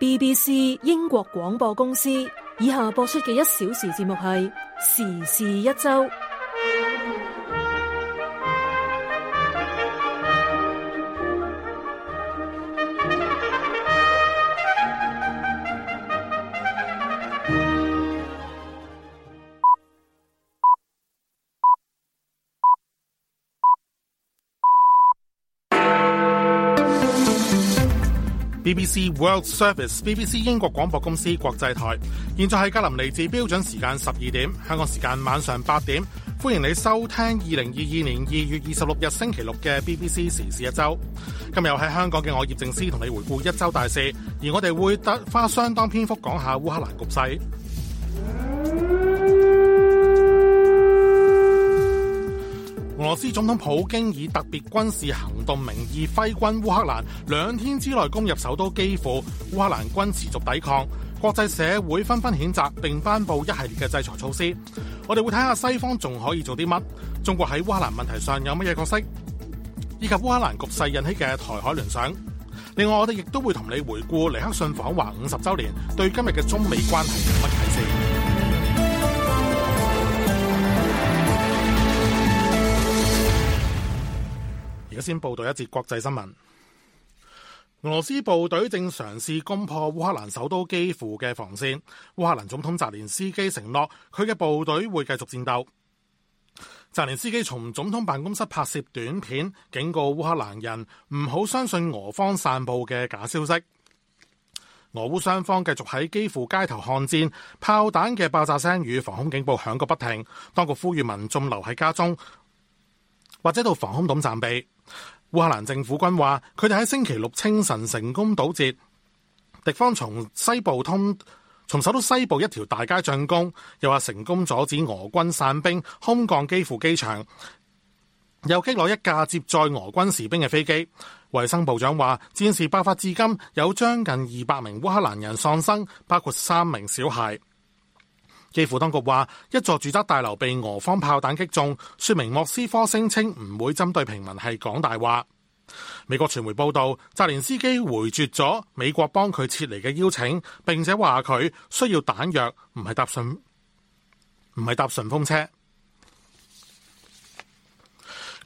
BBC 英國廣播公司以下播出嘅一小時節目係《時事一周》。BBC World Service，BBC 英國廣播公司國際台。現在係格林尼治標準時間十二點，香港時間晚上八點。歡迎你收聽二零二二年二月二十六日星期六嘅 BBC 時事一周。今日又喺香港嘅我葉正思同你回顧一周大事，而我哋會花相當篇幅講下烏克蘭局勢。斯總統普京以特別軍事行動名義揮軍烏克蘭，兩天之內攻入首都基輔，烏克蘭軍持續抵抗，國際社會紛紛譴責並頒布一系列嘅制裁措施。我哋會睇下西方仲可以做啲乜，中國喺烏克蘭問題上有乜嘢角色，以及烏克蘭局勢引起嘅台海聯想。另外，我哋亦都會同你回顧尼克遜訪華五十周年對今日嘅中美關係有乜啟示。先報道一節國際新聞。俄羅斯部隊正嘗試攻破烏克蘭首都基輔嘅防線。烏克蘭總統澤連斯基承諾，佢嘅部隊會繼續戰鬥。澤連斯基從總統辦公室拍攝短片，警告烏克蘭人唔好相信俄方散布嘅假消息。俄烏雙方繼續喺基輔街頭巷戰，炮彈嘅爆炸聲與防空警報響個不停。當局呼籲民眾留喺家中，或者到防空洞暫避。烏克蘭政府軍話，佢哋喺星期六清晨成功堵截敵方從西部通從首都西部一條大街進攻，又話成功阻止俄軍傘兵空降基輔機場，又擊落一架接載俄軍士兵嘅飛機。衛生部長話，戰事爆發至今有將近二百名烏克蘭人喪生，包括三名小孩。基輔當局話，一座住宅大樓被俄方炮彈擊中，說明莫斯科聲稱唔會針對平民係講大話。美國傳媒報道，澤連斯基回絕咗美國幫佢撤離嘅邀請，並且話佢需要彈藥，唔係搭順唔係搭順風車。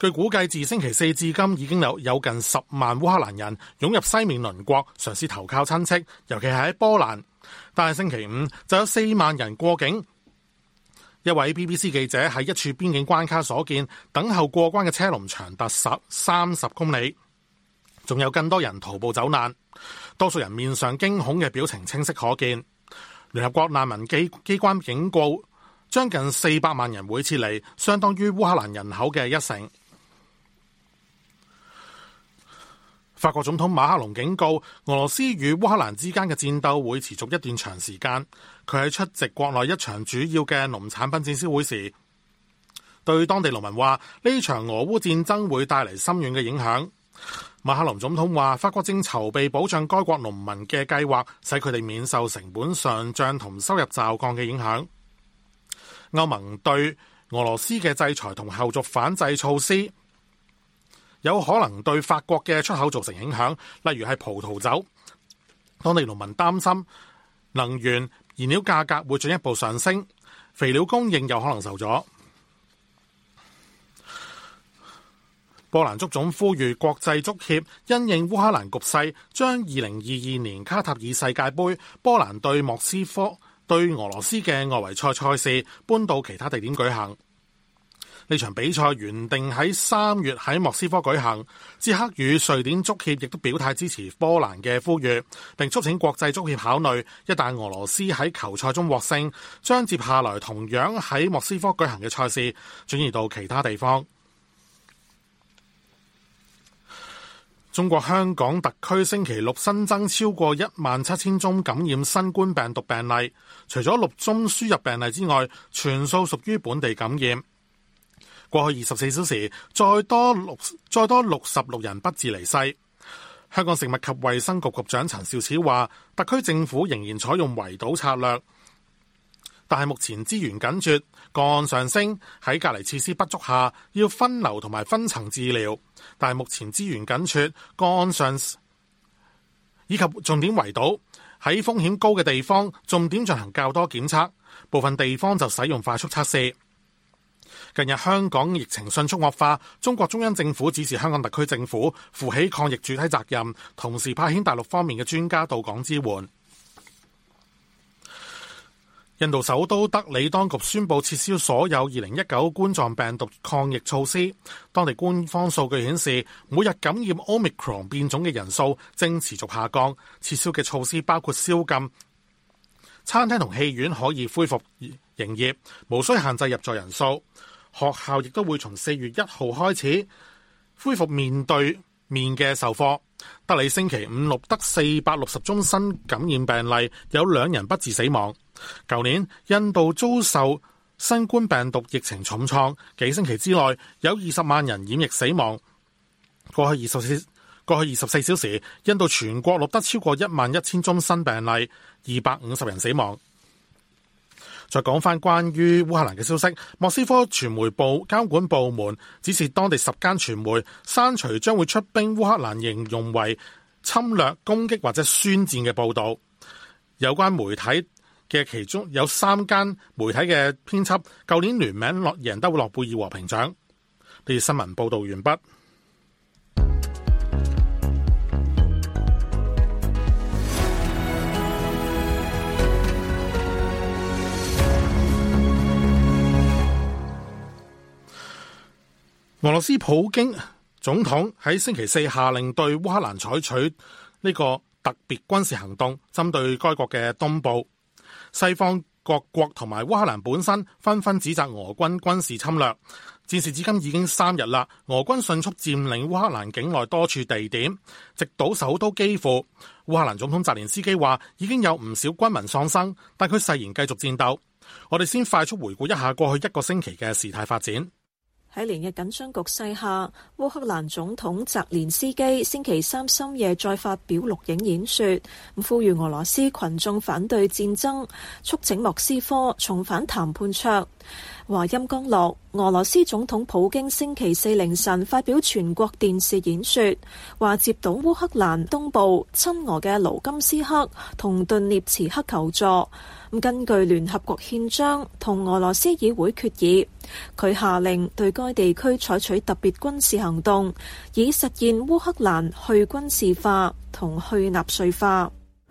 據估計，自星期四至今已經有有近十萬烏克蘭人湧入西面鄰國，嘗試投靠親戚，尤其係喺波蘭。但係星期五就有四萬人過境，一位 BBC 記者喺一處邊境關卡所見，等候過關嘅車龍長達十三十公里，仲有更多人徒步走難，多數人面上驚恐嘅表情清晰可見。聯合國難民機機關警告，將近四百萬人會撤離，相當於烏克蘭人口嘅一成。法國總統馬克龍警告，俄羅斯與烏克蘭之間嘅戰鬥會持續一段長時間。佢喺出席國內一場主要嘅農產品展銷會時，對當地農民話：呢場俄烏戰爭會帶嚟深遠嘅影響。馬克龍總統話：法國正籌備保障該國農民嘅計劃，使佢哋免受成本上漲同收入驟降嘅影響。歐盟對俄羅斯嘅制裁同後續反制措施。有可能對法國嘅出口造成影響，例如係葡萄酒。當地農民擔心能源、燃料價格會進一步上升，肥料供應有可能受阻。波蘭足總呼籲國際足協因應烏克蘭局勢，將二零二二年卡塔爾世界盃、波蘭對莫斯科、對俄羅斯嘅外圍賽賽事搬到其他地點舉行。呢場比賽原定喺三月喺莫斯科舉行。捷克與瑞典足協亦都表態支持波蘭嘅呼籲，並促請國際足協考慮，一旦俄羅斯喺球賽中獲勝，將接下來同樣喺莫斯科舉行嘅賽事轉移到其他地方。中國香港特區星期六新增超過一萬七千宗感染新冠病毒病例，除咗六宗輸入病例之外，全數屬於本地感染。過去二十四小時，再多六再多六十六人不治離世。香港食物及衛生局局長陳肇始話，特區政府仍然採用圍堵策略，但係目前資源緊絀，個案上升，喺隔離設施不足下，要分流同埋分層治療。但係目前資源緊絀，個案上升，以及重點圍堵，喺風險高嘅地方重點進行較多檢測，部分地方就使用快速測試。近日香港疫情迅速惡化，中國中央政府指示香港特區政府負起抗疫主體責任，同時派遣大陸方面嘅專家到港支援。印度首都德里當局宣布撤銷所有二零一九冠狀病毒抗疫措施。當地官方數據顯示，每日感染 omicron 變種嘅人數正持續下降。撤銷嘅措施包括宵禁、餐廳同戲院可以恢復營業，無需限制入座人數。學校亦都會從四月一號開始恢復面對面嘅授課。德里星期五錄得四百六十宗新感染病例，有兩人不治死亡。舊年印度遭受新冠病毒疫情重創，幾星期之內有二十萬人染疫死亡。過去二十四，過去二十四小時，印度全國錄得超過一萬一千宗新病例，二百五十人死亡。再講返關於烏克蘭嘅消息，莫斯科傳媒部監管部門指示當地十間傳媒刪除將會出兵烏克蘭，形容為侵略、攻擊或者宣戰嘅報導。有關媒體嘅其中有三間媒體嘅編輯，舊年聯名諾贏得諾貝爾和平獎。呢個新聞報導完畢。俄羅斯普京總統喺星期四下令對烏克蘭採取呢個特別軍事行動，針對該國嘅東部。西方各國同埋烏克蘭本身紛紛指責俄軍軍事侵略。戰事至今已經三日啦，俄軍迅速佔領烏克蘭境內多處地點，直到首都基輔。烏克蘭總統澤連斯基話已經有唔少軍民喪生，但佢誓言繼續戰鬥。我哋先快速回顧一下過去一個星期嘅事態發展。喺連日緊張局勢下，烏克蘭總統澤連斯基星期三深夜再發表錄影演說，呼籲俄羅斯群眾反對戰爭，促請莫斯科重返談判桌。話音剛落，俄羅斯總統普京星期四凌晨發表全國電視演說，話接到烏克蘭東部親俄嘅盧甘斯克同頓涅茨克求助。咁根據聯合國憲章同俄羅斯議會決議，佢下令對該地區採取特別軍事行動，以實現烏克蘭去軍事化同去納粹化。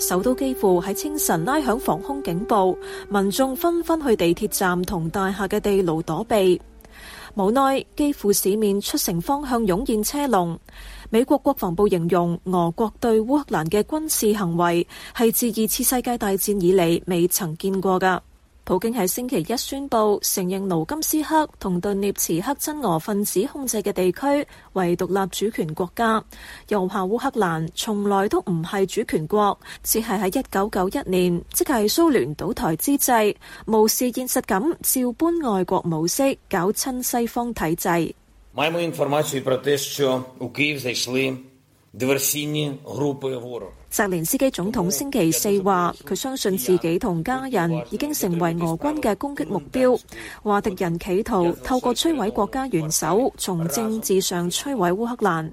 首都基輔喺清晨拉響防空警報，民眾紛紛去地鐵站同大廈嘅地牢躲避。無奈基輔市面出城方向湧現車龍。美國國防部形容俄國對烏克蘭嘅軍事行為係自二次世界大戰以嚟未曾見過㗎。普京喺星期一宣布承認盧甘斯克同頓涅茨克親俄分子控制嘅地區為獨立主權國家，又話烏克蘭從來都唔係主權國，只係喺一九九一年，即係蘇聯倒台之際，無視現實，噉照搬外國模式，搞親西方體制。澤連斯基總統星期四話，佢相信自己同家人已經成為俄軍嘅攻擊目標，話敵人企圖透過摧毀國家元首，從政治上摧毀烏克蘭。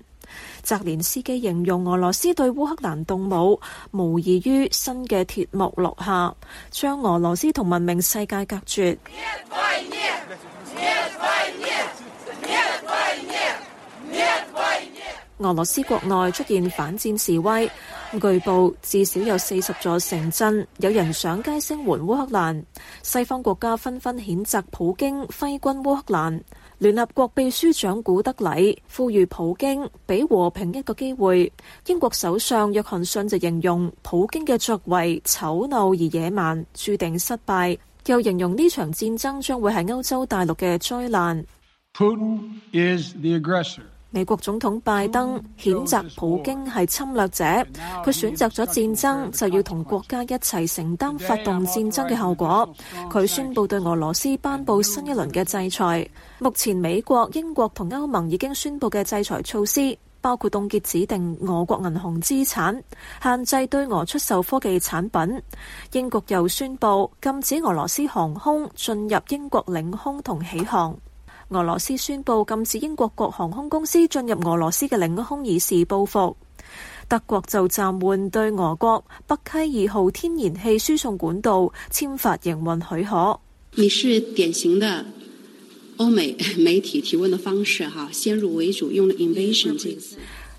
澤連斯基形容俄羅斯對烏克蘭動武，無異於新嘅鐵幕落下，將俄羅斯同文明世界隔絕。俄羅斯國內出現反戰示威，據報至少有四十座城鎮有人上街聲援烏克蘭。西方國家紛紛譴責普京揮軍烏克蘭。聯合國秘書長古德禮呼籲普京俾和平一個機會。英國首相約翰遜就形容普京嘅作為醜陋而野蠻，注定失敗，又形容呢場戰爭將會係歐洲大陸嘅災難。美國總統拜登譴責普京係侵略者，佢選擇咗戰爭，就要同國家一齊承擔發動戰爭嘅後果。佢宣布對俄羅斯頒布新一輪嘅制裁。目前美國、英國同歐盟已經宣布嘅制裁措施，包括凍結指定俄國銀行資產、限制對俄出售科技產品。英國又宣布禁止俄羅斯航空進入英國領空同起航。俄羅斯宣布禁止英國國航空公司進入俄羅斯嘅領空，以示報復。德國就暫緩對俄國北溪二號天然氣輸送管道簽發營運許可。你是典型的歐美媒體提問的方式，哈，先入為主，用了 invasion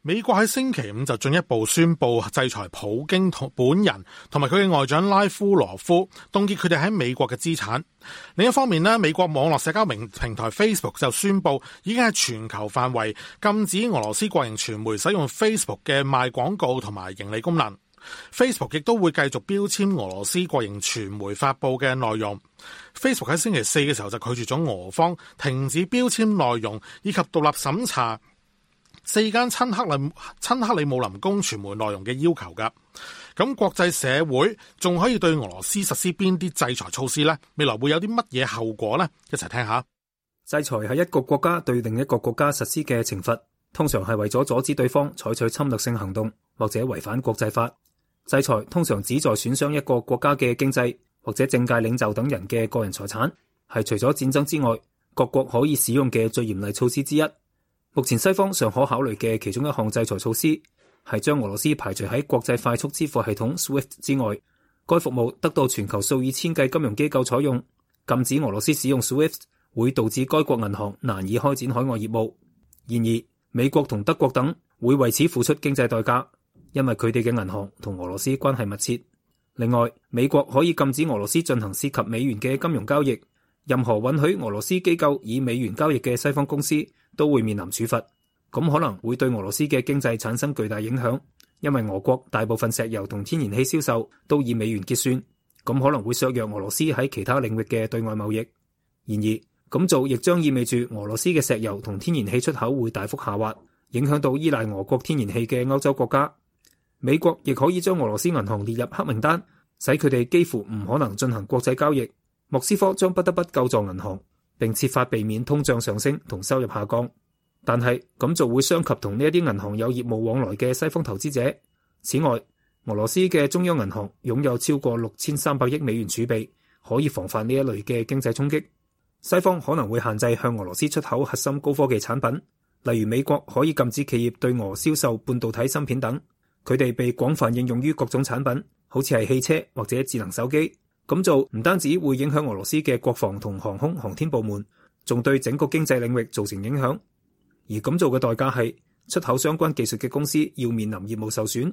美國喺星期五就進一步宣布制裁普京本人，同埋佢嘅外長拉夫羅夫，凍結佢哋喺美國嘅資產。另一方面呢，美國網絡社交平平台 Facebook 就宣布，已經喺全球範圍禁止俄羅斯國營傳媒使用 Facebook 嘅賣廣告同埋盈利功能。Facebook 亦都會繼續標籤俄羅斯國營傳媒發布嘅內容。Facebook 喺星期四嘅時候就拒絕咗俄方停止標籤內容以及獨立審查。四間親克里親克里姆林宮傳媒內容嘅要求噶，咁國際社會仲可以對俄羅斯實施邊啲制裁措施呢？未來會有啲乜嘢後果呢？一齊聽下。制裁係一個國家對另一個國家實施嘅懲罰，通常係為咗阻止對方採取侵略性行動或者違反國際法。制裁通常旨在損傷一個國家嘅經濟或者政界領袖等人嘅個人財產，係除咗戰爭之外，各國可以使用嘅最嚴厲措施之一。目前西方尚可考慮嘅其中一項制裁措施係將俄羅斯排除喺國際快速支付系統 SWIFT 之外。該服務得到全球數以千計金融機構採用，禁止俄羅斯使用 SWIFT 會導致該國銀行難以開展海外業務。然而，美國同德國等會為此付出經濟代價，因為佢哋嘅銀行同俄羅斯關係密切。另外，美國可以禁止俄羅斯進行涉及美元嘅金融交易。任何允許俄羅斯機構以美元交易嘅西方公司都會面臨處罰，咁可能會對俄羅斯嘅經濟產生巨大影響，因為俄國大部分石油同天然氣銷售都以美元結算，咁可能會削弱俄羅斯喺其他領域嘅對外貿易。然而，咁做亦將意味住俄羅斯嘅石油同天然氣出口會大幅下滑，影響到依賴俄國天然氣嘅歐洲國家。美國亦可以將俄羅斯銀行列入黑名單，使佢哋幾乎唔可能進行國際交易。莫斯科將不得不救助銀行，並設法避免通脹上升同收入下降。但係咁做會傷及同呢一啲銀行有業務往來嘅西方投資者。此外，俄羅斯嘅中央銀行擁有超過六千三百億美元儲備，可以防範呢一類嘅經濟衝擊。西方可能會限制向俄羅斯出口核心高科技產品，例如美國可以禁止企業對俄銷售半導體芯片等，佢哋被廣泛應用於各種產品，好似係汽車或者智能手機。咁做唔單止會影響俄羅斯嘅國防同航空航天部門，仲對整個經濟領域造成影響。而咁做嘅代價係出口相關技術嘅公司要面臨業務受損。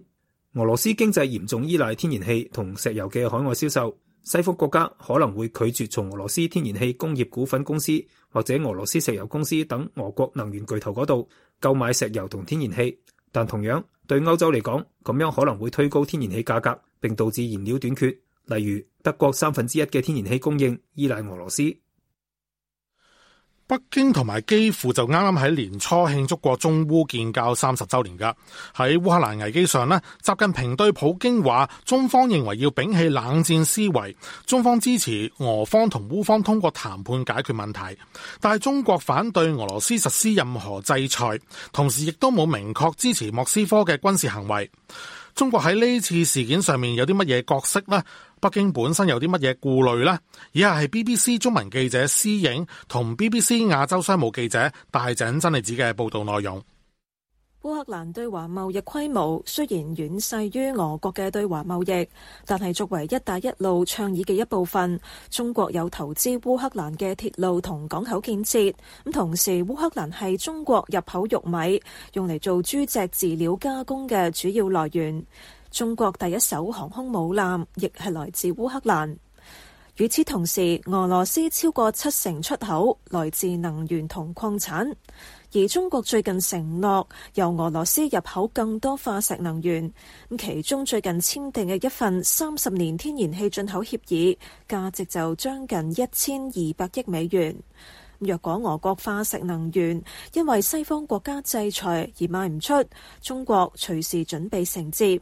俄羅斯經濟嚴重依賴天然氣同石油嘅海外銷售，西方國家可能會拒絕從俄羅斯天然氣工業股份公司或者俄羅斯石油公司等俄國能源巨頭嗰度購買石油同天然氣。但同樣對歐洲嚟講，咁樣可能會推高天然氣價格，並導致燃料短缺。例如，德國三分之一嘅天然氣供應依賴俄羅斯。北京同埋基輔就啱啱喺年初慶祝過中烏建交三十周年噶。喺烏克蘭危機上咧，習近平對普京話，中方認為要摒棄冷戰思維，中方支持俄方同烏方通過談判解決問題，但係中國反對俄羅斯實施任何制裁，同時亦都冇明確支持莫斯科嘅軍事行為。中國喺呢次事件上面有啲乜嘢角色呢？北京本身有啲乜嘢顧慮呢？以下係 BBC 中文記者施影同 BBC 亞洲商務記者大井真理子嘅報導內容。烏克蘭對華貿易規模雖然遠細於俄國嘅對華貿易，但係作為“一帶一路”倡議嘅一部分，中國有投資烏克蘭嘅鐵路同港口建設。咁同時，烏克蘭係中國入口玉米，用嚟做豬隻飼料加工嘅主要來源。中國第一艘航空母艦亦係來自烏克蘭。與此同時，俄羅斯超過七成出口來自能源同礦產，而中國最近承諾由俄羅斯入口更多化石能源。咁其中最近簽訂嘅一份三十年天然氣進口協議，價值就將近一千二百億美元。若果俄國化石能源因為西方國家制裁而賣唔出，中國隨時準備承接。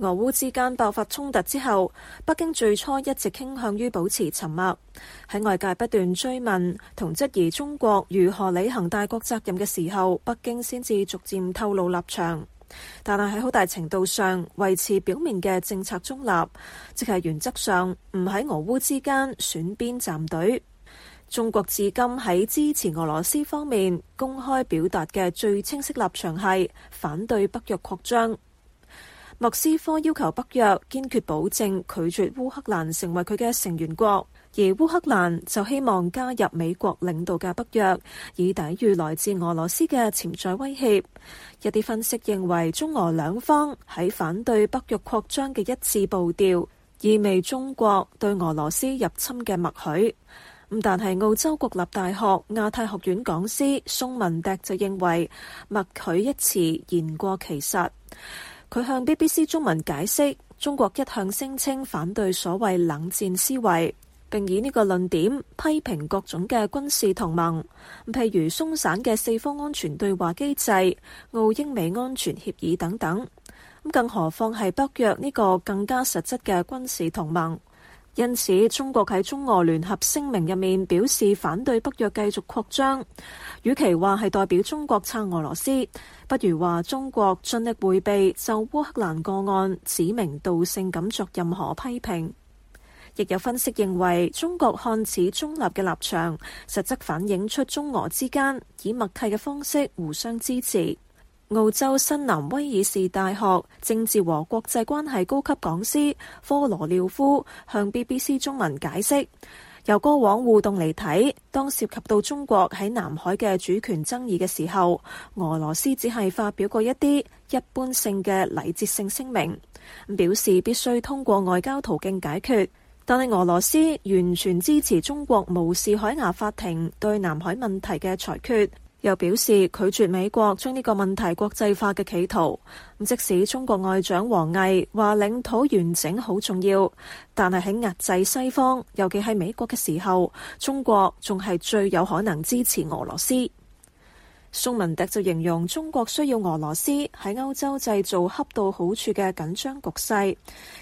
俄烏之間爆發衝突之後，北京最初一直傾向於保持沉默。喺外界不斷追問同質疑中國如何履行大國責任嘅時候，北京先至逐漸透露立場。但係喺好大程度上維持表面嘅政策中立，即係原則上唔喺俄烏之間選邊站隊。中國至今喺支持俄羅斯方面公開表達嘅最清晰立場係反對北約擴張。莫斯科要求北約堅決保證拒絕烏克蘭成為佢嘅成員國，而烏克蘭就希望加入美國領導嘅北約，以抵禦來自俄羅斯嘅潛在威脅。一啲分析認為，中俄兩方喺反對北約擴張嘅一致步調，意味中國對俄羅斯入侵嘅默許。咁但係澳洲國立大學亞太學院講師宋文迪就認為，默許一詞言過其實。佢向 BBC 中文解釋，中國一向聲稱反對所謂冷戰思維，並以呢個論點批評各種嘅軍事同盟，譬如鬆散嘅四方安全對話機制、澳英美安全協議等等。咁更何況係北約呢個更加實質嘅軍事同盟。因此，中國喺中俄聯合聲明入面表示反對北約繼續擴張，與其話係代表中國撐俄羅斯，不如話中國盡力回避就烏克蘭個案指名道姓咁作任何批評。亦有分析認為，中國看似中立嘅立場，實質反映出中俄之間以默契嘅方式互相支持。澳洲新南威爾士大學政治和國際關係高級講師科羅廖夫向 BBC 中文解釋，由過往互動嚟睇，當涉及到中國喺南海嘅主權爭議嘅時候，俄羅斯只係發表過一啲一般性嘅禮節性聲明，表示必須通過外交途徑解決，但係俄羅斯完全支持中國無視海牙法庭對南海問題嘅裁決。又表示拒絕美國將呢個問題國際化嘅企圖。即使中國外長王毅話領土完整好重要，但係喺壓制西方，尤其係美國嘅時候，中國仲係最有可能支持俄羅斯。宋文迪就形容中國需要俄羅斯喺歐洲製造恰到好處嘅緊張局勢，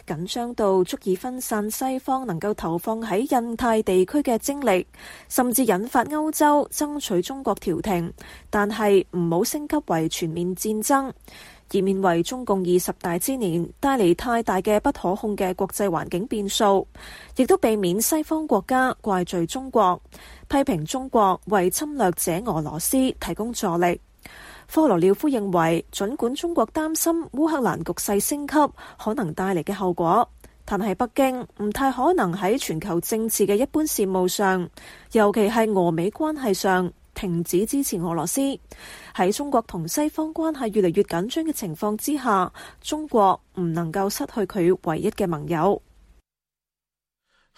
緊張到足以分散西方能夠投放喺印太地區嘅精力，甚至引發歐洲爭取中國調停，但係唔好升級為全面戰爭。以免為中共二十大之年帶嚟太大嘅不可控嘅國際環境變數，亦都避免西方國家怪罪中國、批評中國為侵略者俄羅斯提供助力。科羅廖夫認為，盡管中國擔心烏克蘭局勢升級可能帶嚟嘅後果，但係北京唔太可能喺全球政治嘅一般事務上，尤其係俄美關係上。停止支持俄羅斯喺中國同西方關係越嚟越緊張嘅情況之下，中國唔能夠失去佢唯一嘅盟友。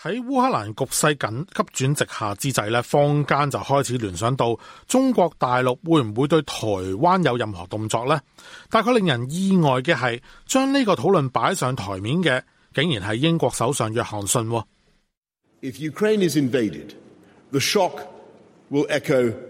喺烏克蘭局勢緊急轉直下之際呢坊間就開始聯想到中國大陸會唔會對台灣有任何動作呢大概令人意外嘅係，將呢個討論擺上台面嘅，竟然係英國首相約翰遜。If Ukraine is invaded, the shock will echo.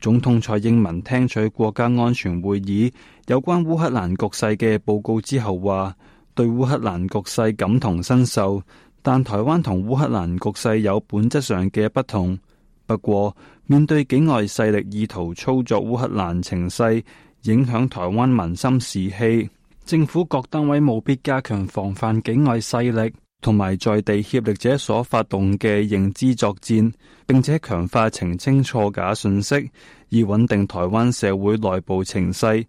總統蔡英文聽取國家安全會議有關烏克蘭局勢嘅報告之後，話對烏克蘭局勢感同身受，但台灣同烏克蘭局勢有本質上嘅不同。不過，面對境外勢力意圖操作烏克蘭情勢，影響台灣民心士氣，政府各單位務必加強防範境外勢力。同埋在地協力者所發動嘅認知作戰，並且強化澄清錯假訊息，以穩定台灣社會內部情勢。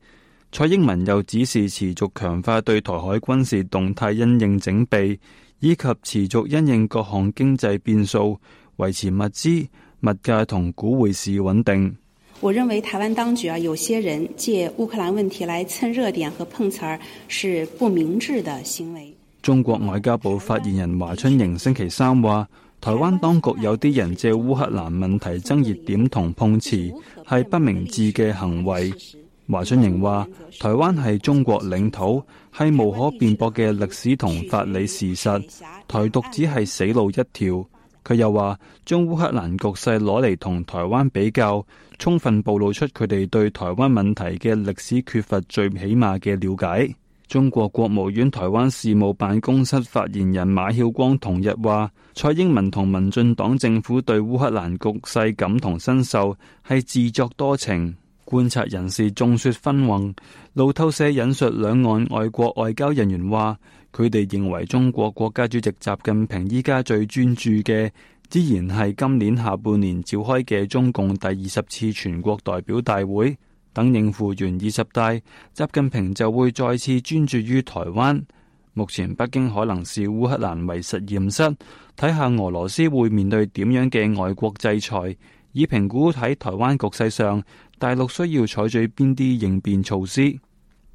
蔡英文又指示持續強化對台海軍事動態因應整備，以及持續因應各項經濟變數，維持物資、物價同股匯市穩定。我認為台灣當局啊，有些人借烏克蘭問題來蹭熱點和碰瓷，是不明智嘅行為。中國外交部發言人華春瑩星，星期三話，台灣當局有啲人借烏克蘭問題爭熱點同碰瓷，係不明智嘅行為。華春瑩話，台灣係中國領土，係無可辯駁嘅歷史同法理事實，台獨只係死路一條。佢又話，將烏克蘭局勢攞嚟同台灣比較，充分暴露出佢哋對台灣問題嘅歷史缺乏最起碼嘅了解。中國國務院台灣事務辦公室發言人馬曉光同日話：蔡英文同民進黨政府對烏克蘭局勢感同身受，係自作多情。觀察人士眾說紛紜，路透社引述兩岸外國外交人員話：佢哋認為中國國家主席習近平依家最專注嘅，自然係今年下半年召開嘅中共第二十次全國代表大會。等應付完二十大，習近平就會再次專注於台灣。目前北京可能視烏克蘭為實驗室，睇下俄羅斯會面對點樣嘅外國制裁，以評估喺台灣局勢上，大陸需要採取邊啲應變措施。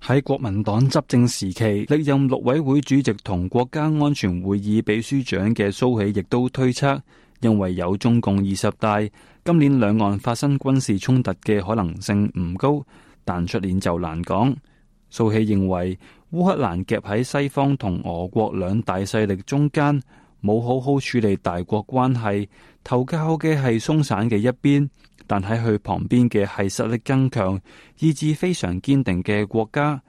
喺國民黨執政時期，歷任陸委會主席同國家安全會議秘書長嘅蘇起，亦都推測因為有中共二十大。今年兩岸發生軍事衝突嘅可能性唔高，但出年就難講。蘇希認為烏克蘭夾喺西方同俄國兩大勢力中間，冇好好處理大國關係，投靠嘅係鬆散嘅一邊，但喺佢旁邊嘅係實力增強、意志非常堅定嘅國家。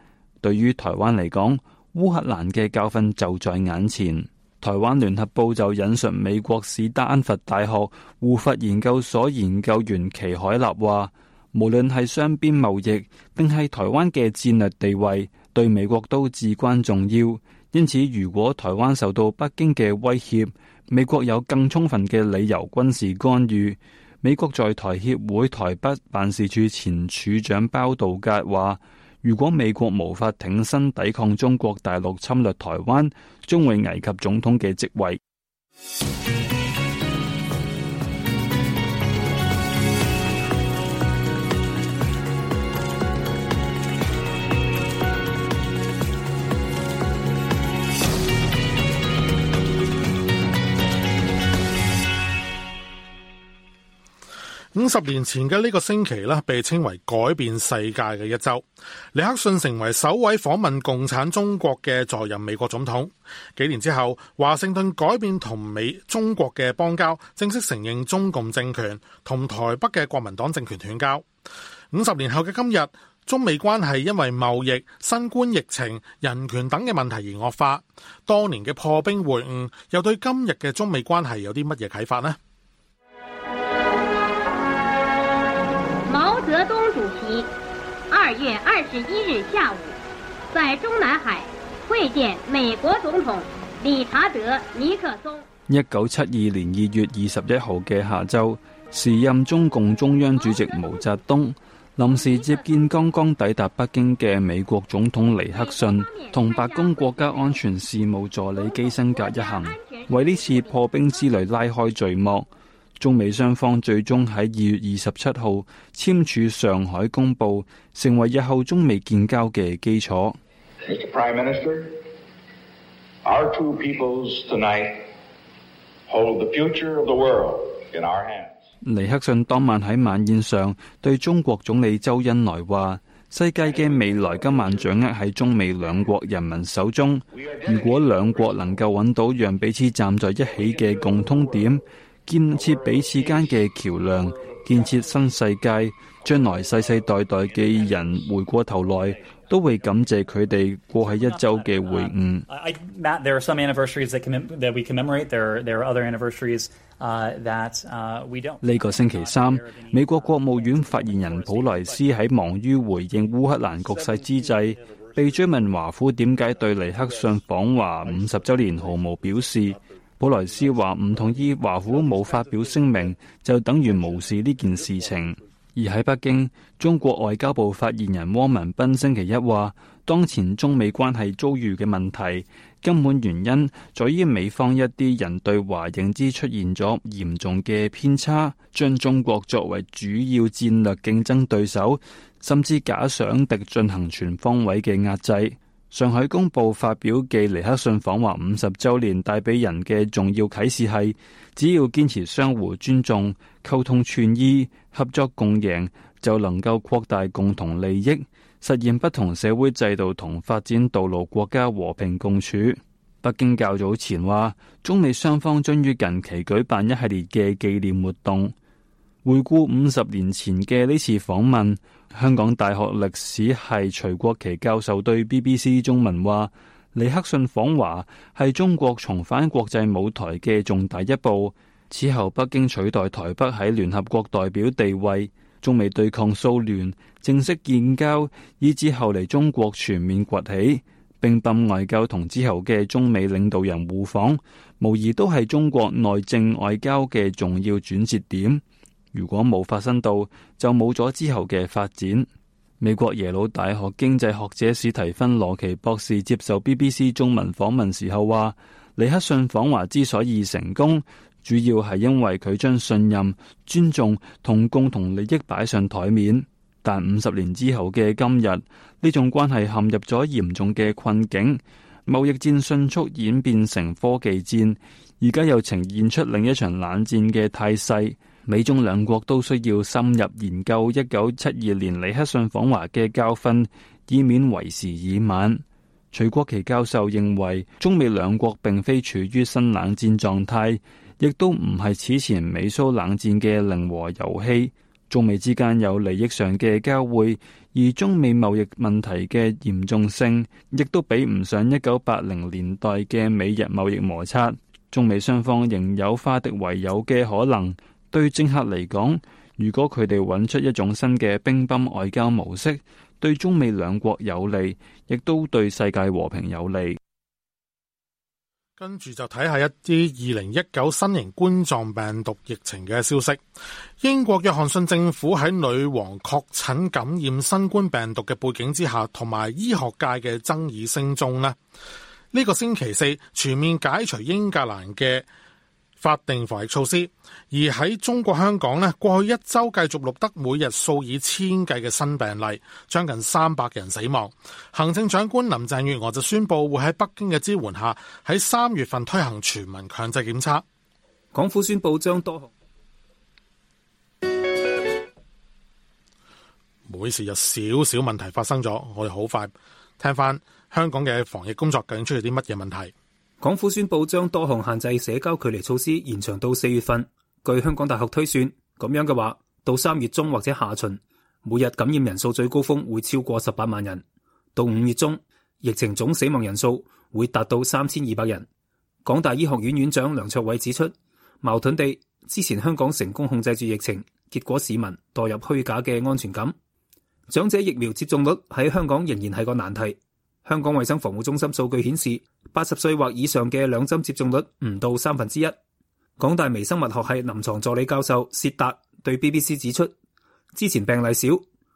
對於台灣嚟講，烏克蘭嘅教訓就在眼前。台灣聯合報就引述美國史丹佛大學護法研究所研究員祁凱立話，無論係雙邊貿易，定係台灣嘅戰略地位，對美國都至關重要。因此，如果台灣受到北京嘅威脅，美國有更充分嘅理由軍事干預。美國在台協會台北辦事處前處長包道格話。如果美國無法挺身抵抗中國大陸侵略台灣，將會危及總統嘅職位。五十年前嘅呢個星期咧，被稱為改變世界嘅一周。尼克遜成為首位訪問共產中國嘅在任美國總統。幾年之後，華盛頓改變同美中國嘅邦交，正式承認中共政權，同台北嘅國民黨政權斷交。五十年後嘅今日，中美關係因為貿易、新冠疫情、人權等嘅問題而惡化。當年嘅破冰會晤，又對今日嘅中美關係有啲乜嘢啟發呢？二月二十一日下午，在中南海會見美國總統理查德尼克松。一九七二年二月二十一號嘅下晝，時任中共中央主席毛澤東臨時接見剛剛抵達北京嘅美國總統尼克遜同白宮國家安全事務助理基辛格一行，為呢次破冰之旅拉開序幕。中美雙方最終喺二月二十七號簽署《上海公報》，成為日後中美建交嘅基礎。Minister, 尼克遜當晚喺晚宴上對中國總理周恩來話：世界嘅未來今晚掌握喺中美兩國人民手中。如果兩國能夠揾到讓彼此站在一起嘅共通點。建設彼此間嘅橋樑，建設新世界，將來世世代代嘅人回過頭來都會感謝佢哋過去一周嘅會晤。呢個星期三，美國國務院發言人普萊斯喺忙於回應烏克蘭局勢之際，被追問華府點解對尼克遜訪華五十周年毫無表示。普萊斯話：唔同意華府冇發表聲明，就等於無視呢件事情。而喺北京，中國外交部發言人汪文斌星期一話，當前中美關係遭遇嘅問題，根本原因在於美方一啲人對華認知出現咗嚴重嘅偏差，將中國作為主要戰略競爭對手，甚至假想敵進行全方位嘅壓制。上海公報發表暨尼克遜訪華五十周年帶俾人嘅重要啟示係，只要堅持相互尊重、溝通串意、合作共贏，就能夠擴大共同利益，實現不同社會制度同發展道路國家和平共處。北京較早前話，中美雙方將於近期舉辦一系列嘅紀念活動，回顧五十年前嘅呢次訪問。香港大學歷史系徐國琦教授對 BBC 中文話：尼克遜訪華係中國重返國際舞台嘅重大一步。此後，北京取代台北喺聯合國代表地位，中美對抗蘇聯，正式建交，以至後嚟中國全面崛起，乒乓外交同之後嘅中美領導人互訪，無疑都係中國內政外交嘅重要轉折點。如果冇發生到，就冇咗之後嘅發展。美國耶魯大學經濟學者史提芬羅奇博士接受 BBC 中文訪問時候話，尼克遜訪華之所以成功，主要係因為佢將信任、尊重同共同利益擺上台面。但五十年之後嘅今日，呢種關係陷入咗嚴重嘅困境。貿易戰迅速演變成科技戰，而家又呈現出另一場冷戰嘅態勢。美中兩國都需要深入研究一九七二年尼克遜訪華嘅教訓，以免為時已晚。徐國琦教授認為，中美兩國並非處於新冷戰狀態，亦都唔係此前美蘇冷戰嘅零和遊戲。中美之間有利益上嘅交匯，而中美貿易問題嘅嚴重性亦都比唔上一九八零年代嘅美日貿易摩擦。中美雙方仍有化敵為友嘅可能。對政客嚟講，如果佢哋搵出一種新嘅乒乓外交模式，對中美兩國有利，亦都對世界和平有利。跟住就睇下一啲二零一九新型冠狀病毒疫情嘅消息。英國約翰遜政府喺女王確診感染新冠病毒嘅背景之下，同埋醫學界嘅爭議聲中呢，呢、這、呢個星期四全面解除英格蘭嘅法定防疫措施，而喺中國香港呢，過去一周繼續錄得每日數以千計嘅新病例，將近三百人死亡。行政長官林鄭月娥就宣布會喺北京嘅支援下，喺三月份推行全民強制檢測。港府宣布將多，每時有少少問題發生咗，我哋好快聽翻香港嘅防疫工作究竟出現啲乜嘢問題。港府宣布將多項限制社交距離措施延長到四月份。據香港大學推算，咁樣嘅話，到三月中或者下旬，每日感染人數最高峰會超過十八萬人；到五月中，疫情總死亡人數會達到三千二百人。港大醫學院院長梁卓偉指出，矛盾地，之前香港成功控制住疫情，結果市民墮入虛假嘅安全感。長者疫苗接種率喺香港仍然係個難題。香港衛生防護中心數據顯示，八十歲或以上嘅兩針接種率唔到三分之一。港大微生物學系臨床助理教授薛達對 BBC 指出，之前病例少，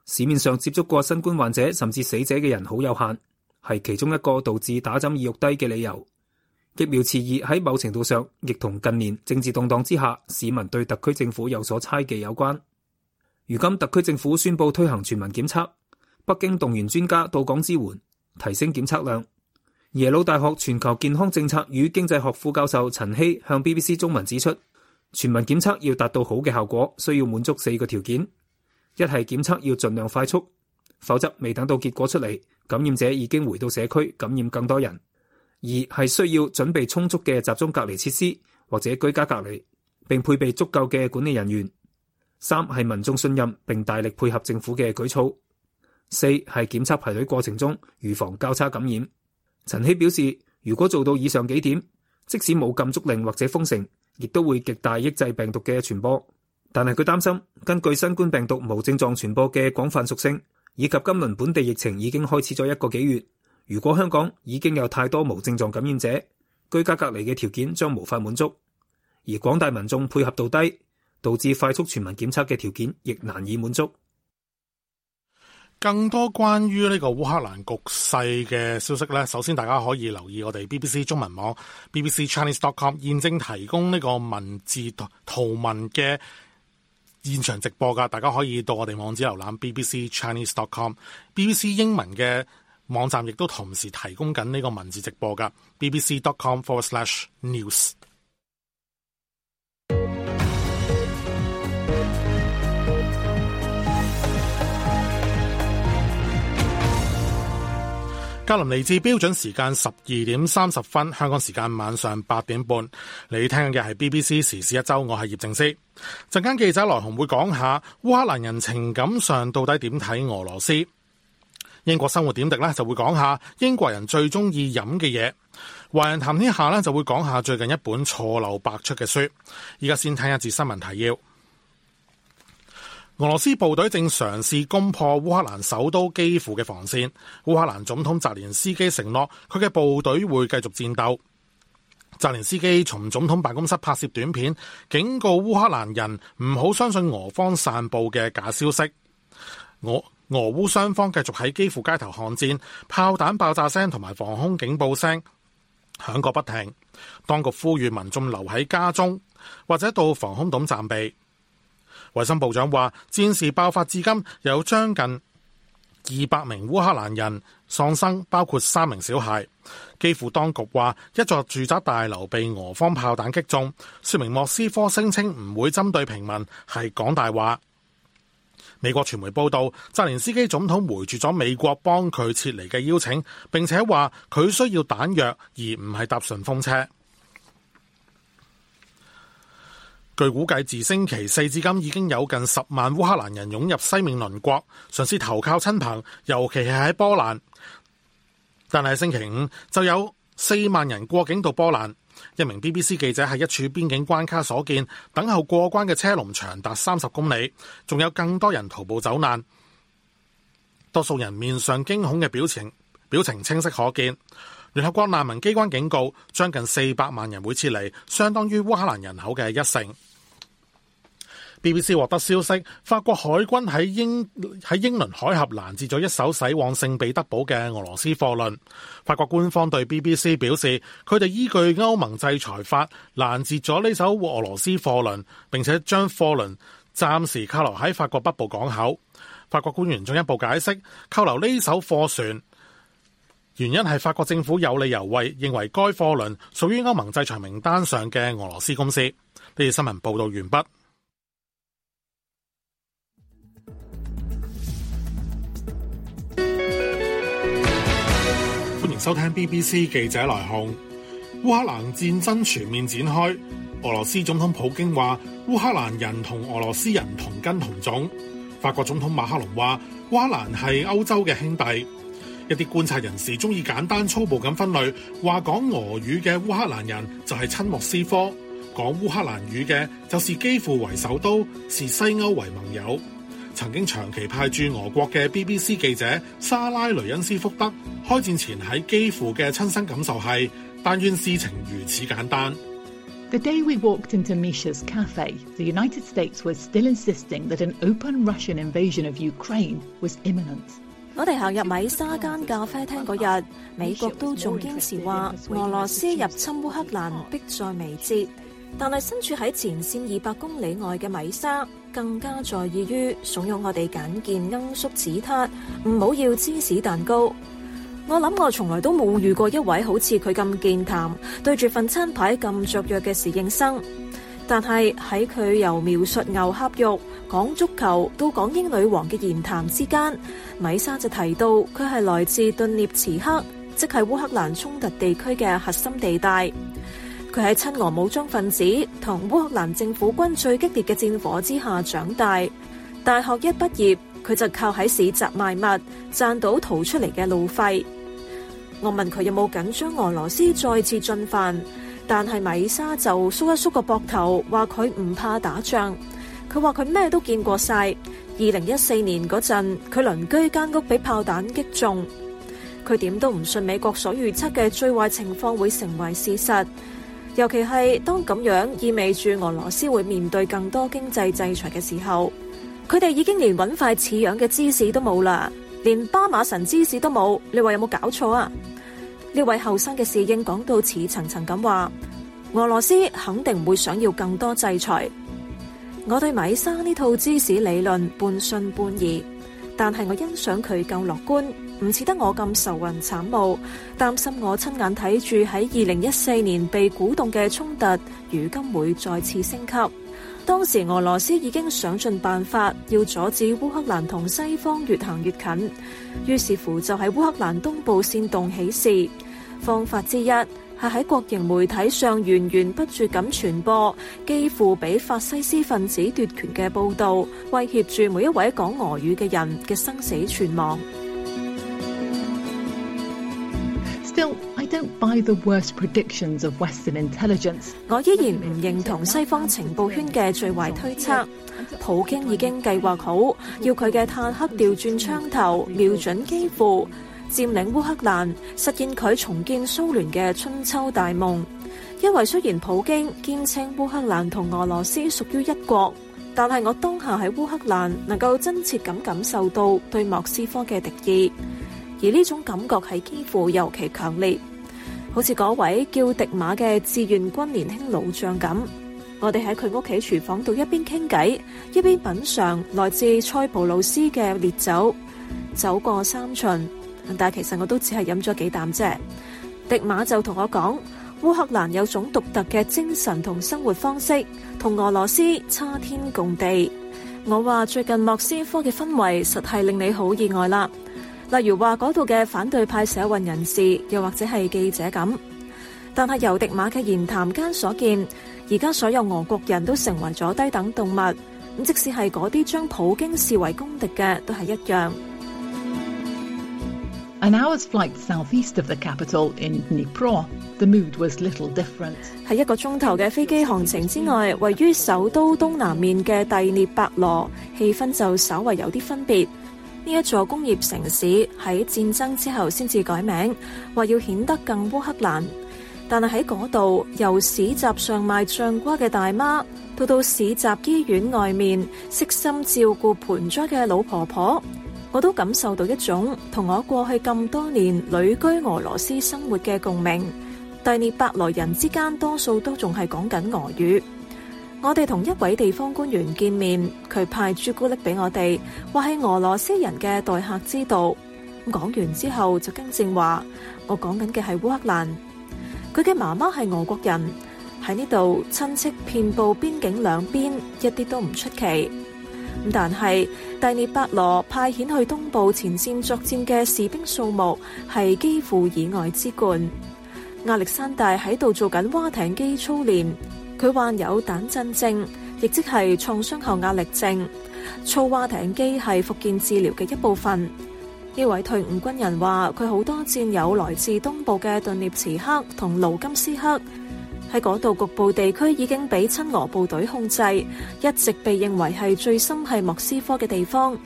市面上接觸過新冠患者甚至死者嘅人好有限，係其中一個導致打針意欲低嘅理由。疫苗遲疑喺某程度上亦同近年政治動盪之下市民對特區政府有所猜忌有關。如今特區政府宣布推行全民檢測，北京動員專家到港支援。提升檢測量。耶魯大學全球健康政策與經濟學副教授陳希向 BBC 中文指出，全民檢測要達到好嘅效果，需要滿足四個條件：一係檢測要盡量快速，否則未等到結果出嚟，感染者已經回到社區感染更多人；二係需要準備充足嘅集中隔離設施或者居家隔離，並配備足夠嘅管理人員；三係民眾信任並大力配合政府嘅舉措。四係檢測排隊過程中預防交叉感染。陳希表示，如果做到以上幾點，即使冇禁足令或者封城，亦都會極大抑制病毒嘅傳播。但係佢擔心，根據新冠病毒無症狀傳播嘅廣泛屬性，以及今輪本地疫情已經開始咗一個幾月，如果香港已經有太多無症狀感染者，居家隔離嘅條件將無法滿足，而廣大民眾配合度低，導致快速全民檢測嘅條件亦難以滿足。更多關於呢個烏克蘭局勢嘅消息呢，首先大家可以留意我哋 BBC 中文網 BBC Chinese dot com，現正提供呢個文字圖文嘅現場直播㗎，大家可以到我哋網址瀏覽 BBC Chinese dot com。BBC 英文嘅網站亦都同時提供緊呢個文字直播㗎，BBC dot com forward slash news。New 格林尼治標準時間十二點三十分，香港時間晚上八點半。你聽嘅係 BBC 時事一周，我係葉正思。陣間記者來鴻會講下烏克蘭人情感上到底點睇俄羅斯。英國生活點滴呢就會講下英國人最中意飲嘅嘢。華人談天下呢就會講下最近一本錯漏百出嘅書。而家先聽一節新聞提要。俄羅斯部隊正嘗試攻破烏克蘭首都基輔嘅防線。烏克蘭總統澤連斯基承諾，佢嘅部隊會繼續戰鬥。澤連斯基從總統辦公室拍攝短片，警告烏克蘭人唔好相信俄方散布嘅假消息。俄俄烏雙方繼續喺基輔街頭巷戰，炮彈爆炸聲同埋防空警報聲響個不停。當局呼籲民眾留喺家中，或者到防空洞暫避。衛生部長話，戰事爆發至今有將近二百名烏克蘭人喪生，包括三名小孩。基輔當局話，一座住宅大樓被俄方炮彈擊中，說明莫斯科聲稱唔會針對平民係講大話。美國傳媒報道，澤連斯基總統回絕咗美國幫佢撤離嘅邀請，並且話佢需要彈藥，而唔係搭順風車。據估計，自星期四至今已經有近十萬烏克蘭人湧入西面鄰國，嘗試投靠親朋，尤其係喺波蘭。但係星期五就有四萬人過境到波蘭。一名 BBC 記者喺一處邊境關卡所見，等候過關嘅車龍長達三十公里，仲有更多人徒步走難。多數人面上驚恐嘅表情，表情清晰可見。聯合國難民機關警告，將近四百萬人會撤離，相當於烏克蘭人口嘅一成。BBC 獲得消息，法國海軍喺英喺英倫海峽攔截咗一艘駛往聖彼得堡嘅俄羅斯貨輪。法國官方對 BBC 表示，佢哋依據歐盟制裁法攔截咗呢艘俄羅斯貨輪，並且將貨輪暫時扣留喺法國北部港口。法國官員進一步解釋，扣留呢艘貨船原因係法國政府有理由為認為該貨輪屬於歐盟制裁名單上嘅俄羅斯公司。呢條新聞報道完畢。收聽 BBC 記者來鴻。烏克蘭戰爭全面展開。俄羅斯總統普京話：烏克蘭人同俄羅斯人同根同種。法國總統馬克龍話：烏克蘭係歐洲嘅兄弟。一啲觀察人士鍾意簡單粗暴咁分類，話講俄語嘅烏克蘭人就係親莫斯科，講烏克蘭語嘅就係幾乎為首都，視西歐為盟友。曾經長期派駐俄國嘅 BBC 記者莎拉雷恩斯福德開戰前喺基輔嘅親身感受係：但願事情如此簡單。The day we walked into Misha's cafe, the United States was still insisting that an open Russian invasion of Ukraine was imminent. 我哋行入米沙間咖啡廳嗰日，美國都仲堅持話俄羅斯入侵烏克蘭迫在眉睫，但係身處喺前線二百公里外嘅米沙。更加在意於慫恿我哋揀件罌粟子撻，唔好要，要芝士蛋糕。我諗我從來都冇遇過一位好似佢咁健談，對住份餐牌咁雀躍嘅侍應生。但係喺佢由描述牛洽肉、講足球到講英女王嘅言談之間，米莎就提到佢係來自頓涅茨克，即係烏克蘭衝突地區嘅核心地帶。佢喺親俄武裝分子同烏克蘭政府軍最激烈嘅戰火之下長大。大學一畢業，佢就靠喺市集賣物賺到逃出嚟嘅路費。我問佢有冇緊張俄羅斯再次進犯，但係米莎就縮一縮個膊頭，話佢唔怕打仗。佢話佢咩都見過晒。二零一四年嗰陣，佢鄰居間屋俾炮彈擊中。佢點都唔信美國所預測嘅最壞情況會成為事實。尤其係當咁樣意味住俄羅斯會面對更多經濟制裁嘅時候，佢哋已經連搵塊似樣嘅芝士都冇啦，連巴馬神芝士都冇。你話有冇搞錯啊？呢位後生嘅侍應講到似層層咁話：俄羅斯肯定唔會想要更多制裁。我對米沙呢套芝士理論半信半疑。但係我欣賞佢夠樂觀，唔似得我咁愁雲慘霧，擔心我親眼睇住喺二零一四年被鼓動嘅衝突，如今會再次升級。當時俄羅斯已經想盡辦法要阻止烏克蘭同西方越行越近，於是乎就喺烏克蘭東部煽動起事，方法之一，係喺國營媒體上源源不絕咁傳播，幾乎俾法西斯分子奪權嘅報導，威脅住每一位講俄語嘅人嘅生死存亡。Still, I don't buy the worst predictions of Western intelligence。我依然唔認同西方情報圈嘅最壞推測。普京已經計劃好，要佢嘅坦克調轉槍頭，瞄準幾乎，佔領烏克蘭，實現佢重建蘇聯嘅春秋大夢。因為雖然普京堅稱烏克蘭同俄羅斯屬於一國，但係我當下喺烏克蘭能夠真切咁感受到對莫斯科嘅敵意，而呢種感覺係幾乎尤其強烈，好似嗰位叫迪馬嘅志願軍年輕老將咁，我哋喺佢屋企廚房度一邊傾偈，一邊品嚐來自塞浦路斯嘅烈酒。走過三巡。但係其實我都只係飲咗幾啖啫。迪馬就同我講，烏克蘭有種獨特嘅精神同生活方式，同俄羅斯差天共地。我話最近莫斯科嘅氛圍實係令你好意外啦。例如話嗰度嘅反對派社運人士，又或者係記者咁。但係由迪馬嘅言談間所見，而家所有俄國人都成為咗低等動物。咁即使係嗰啲將普京視為公敵嘅，都係一樣。An hour's flight southeast of the capital, in Dnipro, the mood was little different. 喺一個鐘頭嘅飛機航程之外，位於首都東南面嘅蒂列伯羅，氣氛就稍微有啲分別。呢一座工業城市喺戰爭之後先至改名，話要顯得更烏克蘭。但係喺嗰度，由市集上賣醬瓜嘅大媽，到到市集醫院外面悉心照顧盆栽嘅老婆婆，我都感受到一種同我過去咁多年旅居俄羅斯生活嘅共鳴。第聶伯羅人之間多數都仲係講緊俄語。我哋同一位地方官員見面，佢派朱古力俾我哋，話係俄羅斯人嘅待客之道。咁講完之後就更正話，我講緊嘅係烏克蘭。佢嘅媽媽係俄國人，喺呢度親戚遍佈邊境兩邊，一啲都唔出奇。但係蒂涅伯羅派遣去東部前線作戰嘅士兵數目係幾乎以外之冠。亞歷山大喺度做緊蛙艇機操練，佢患有彈震症，亦即係創傷後壓力症。操蛙艇機係復健治療嘅一部分。呢位退伍軍人話：佢好多戰友來自東部嘅頓涅茨克同盧甘斯克。喺嗰度局部地區已經俾親俄部隊控制，一直被認為係最深係莫斯科嘅地方。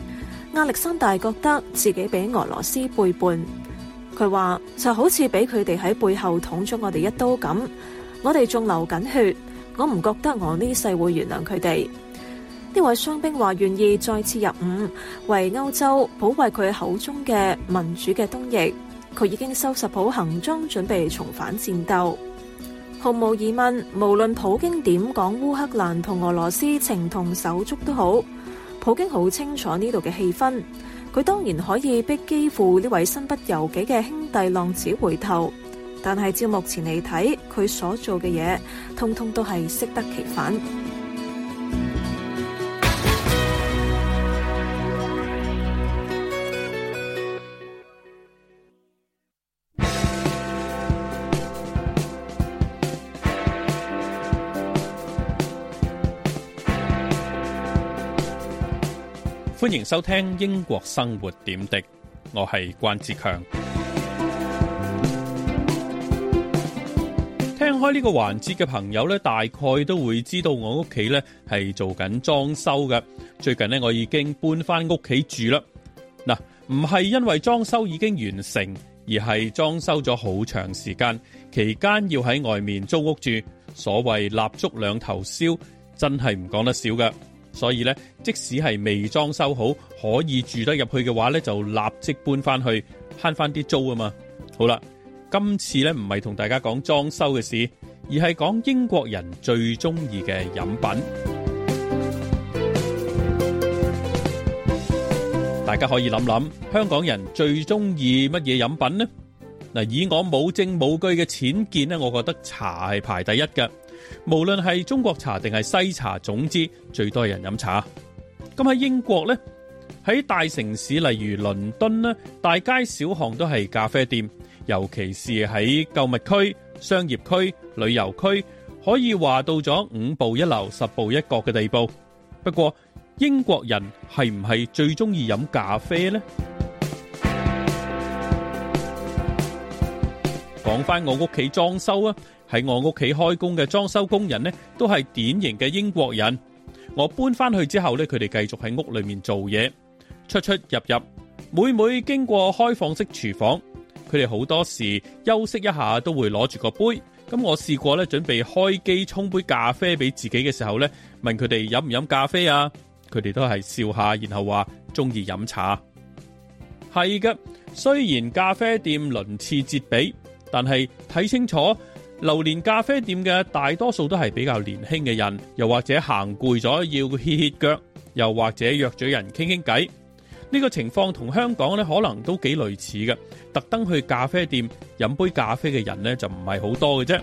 亞歷山大覺得自己俾俄羅斯背叛，佢話就好似俾佢哋喺背後捅咗我哋一刀咁，我哋仲流緊血，我唔覺得我呢世會原諒佢哋。呢位傷兵話願意再次入伍，為歐洲保衛佢口中嘅民主嘅東翼。佢已經收拾好行裝，準備重返戰鬥。毫無疑問，無論普京點講烏克蘭同俄羅斯情同手足都好，普京好清楚呢度嘅氣氛。佢當然可以逼幾乎呢位身不由己嘅兄弟浪子回頭，但係照目前嚟睇，佢所做嘅嘢，通通都係適得其反。歡迎收聽英國生活點滴，我係關志強。聽開呢個環節嘅朋友咧，大概都會知道我屋企咧係做緊裝修嘅。最近呢，我已經搬翻屋企住啦。嗱，唔係因為裝修已經完成，而係裝修咗好長時間，期間要喺外面租屋住，所謂蠟燭兩頭燒，真係唔講得少嘅。所以咧，即使係未裝修好，可以住得入去嘅話咧，就立即搬翻去慳翻啲租啊嘛！好啦，今次咧唔係同大家講裝修嘅事，而係講英國人最中意嘅飲品。大家可以諗諗，香港人最中意乜嘢飲品呢？嗱，以我冇證冇據嘅淺見呢，我覺得茶係排第一嘅。無論係中國茶定係西茶，總之最多人飲茶。咁喺英國呢，喺大城市，例如倫敦咧，大街小巷都係咖啡店，尤其是喺購物區、商業區、旅遊區，可以話到咗五步一樓、十步一角嘅地步。不過英國人係唔係最中意飲咖啡呢？講翻我屋企裝修啊！喺我屋企開工嘅裝修工人呢，都係典型嘅英國人。我搬翻去之後呢，佢哋繼續喺屋裏面做嘢，出出入入，每每經過開放式廚房，佢哋好多時休息一下都會攞住個杯。咁我試過呢，準備開機沖杯咖啡俾自己嘅時候呢，問佢哋飲唔飲咖啡啊？佢哋都係笑下，然後話中意飲茶係嘅。雖然咖啡店鱗次櫛比，但係睇清楚。榴蓮咖啡店嘅大多數都係比較年輕嘅人，又或者行攰咗要歇歇腳，又或者約咗人傾傾偈。呢、這個情況同香港呢可能都幾類似嘅。特登去咖啡店飲杯咖啡嘅人呢，就唔係好多嘅啫。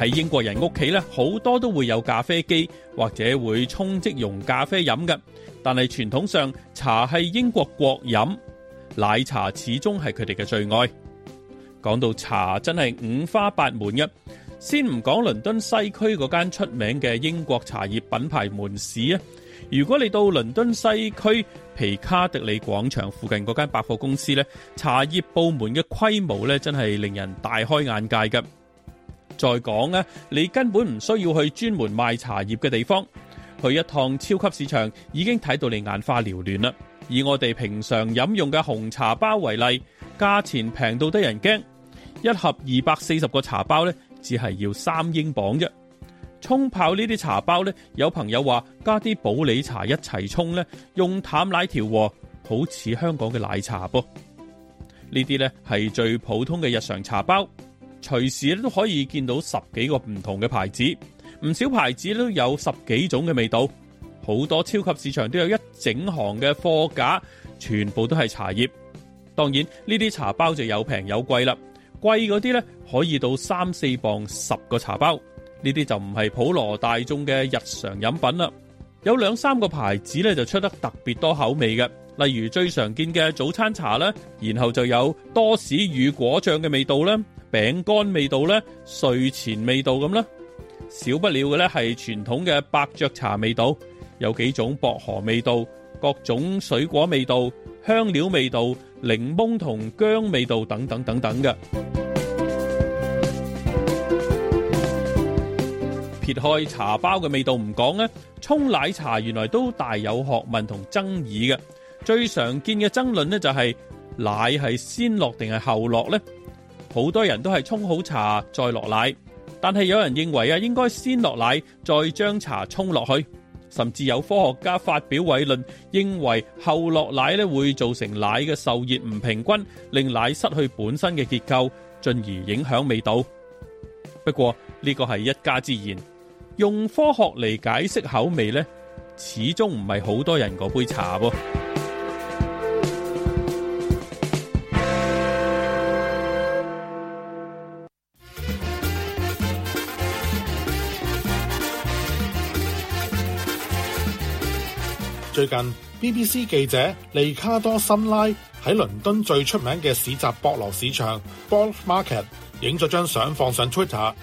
喺英國人屋企呢，好多都會有咖啡機，或者會沖即溶咖啡飲嘅。但係傳統上茶係英國國飲。奶茶始終係佢哋嘅最愛。講到茶，真係五花八門嘅。先唔講倫敦西區嗰間出名嘅英國茶葉品牌門市啊，如果你到倫敦西區皮卡迪里廣場附近嗰間百貨公司呢，茶葉部門嘅規模咧，真係令人大開眼界噶。再講咧，你根本唔需要去專門賣茶葉嘅地方，去一趟超級市場已經睇到你眼花繚亂啦。以我哋平常飲用嘅紅茶包為例，價錢平到得人驚，一盒二百四十個茶包呢，只係要三英鎊啫。沖泡呢啲茶包呢，有朋友話加啲普洱茶一齊沖呢，用淡奶調和，好似香港嘅奶茶噃。呢啲呢係最普通嘅日常茶包，隨時都可以見到十幾個唔同嘅牌子，唔少牌子都有十幾種嘅味道。好多超級市場都有一整行嘅貨架，全部都係茶葉。當然呢啲茶包就有平有貴啦。貴嗰啲呢可以到三四磅十個茶包，呢啲就唔係普羅大眾嘅日常飲品啦。有兩三個牌子呢就出得特別多口味嘅，例如最常見嘅早餐茶啦，然後就有多士與果醬嘅味道啦、餅乾味道咧、睡前味道咁啦，少不了嘅呢係傳統嘅伯爵茶味道。有幾種薄荷味道、各種水果味道、香料味道、檸檬同薑味道等等等等嘅。撇開茶包嘅味道唔講呢，沖奶茶原來都大有學問同爭議嘅。最常見嘅爭論，就係，呢，就係奶係先落定係後落呢？好多人都係沖好茶再落奶，但係有人認為啊，應該先落奶再將茶沖落去。甚至有科學家發表偉論，認為後落奶咧會造成奶嘅受熱唔平均，令奶失去本身嘅結構，進而影響味道。不過呢個係一家之言，用科學嚟解釋口味呢，始終唔係好多人嗰杯茶噃。最近 BBC 記者利卡多森拉喺倫敦最出名嘅市集博羅市場 b o Market） 影咗張相放上 Twitter，